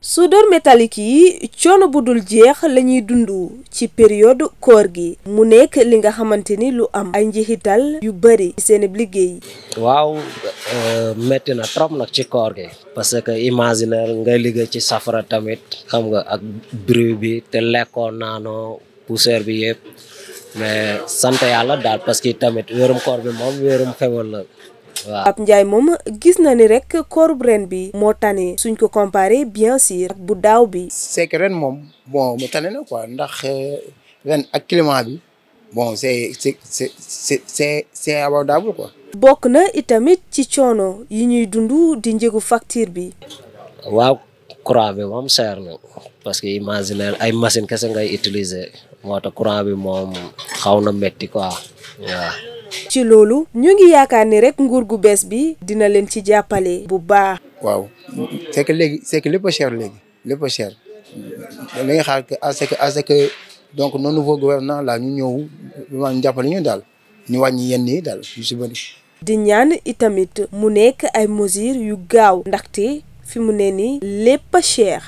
soudeur métallique yi coono bu dul jeex lañuy dundu ci période koor gi mu nekk li nga xamante ni lu am ay njeexital yu bari seen i liggéey. waaw euh, métti na trop nag ci koor gi parce que imaginaire nga liggéey ci safara tamit xam nga ak bruit bi te lekkoo naanoo poussière bi yëpp. mais sant yàlla daal parce que tamit wérum koor bi moom wérum xewal la waaw. Pape Ndiaye moom gis na ni rek koorub ren bi moo tane suñ ko comparé bien sûr ak bu daaw bi. c'est ren moom bon mu tane na quoi ndax euh, ren ak climat bi bon c'est c'est bokk na itamit ci coono yi ñuy dund di njëgu facture bi. waaw courant bi moom seer na parce que imaginer ay machine kese ngay utiliser moo courant bi moom xaw na métti quoi ci loolu ñu ngi yaakaar ni rek nguur gu bees bi dina leen ci jàppale bu baax. waaw c'est que léegi c'est que lépp a cher léegi lépp cher li nga xaar que à ce que à ce que donc nos nouveaux gouvernants là ñu ñëw vraiment ñu jàppale ñu daal ñu wàññi yenn yi daal yu si bëri. di ñaan itamit mu nekk ay mesures yu gaaw ndaxte fi mu nee nii lépp a cher.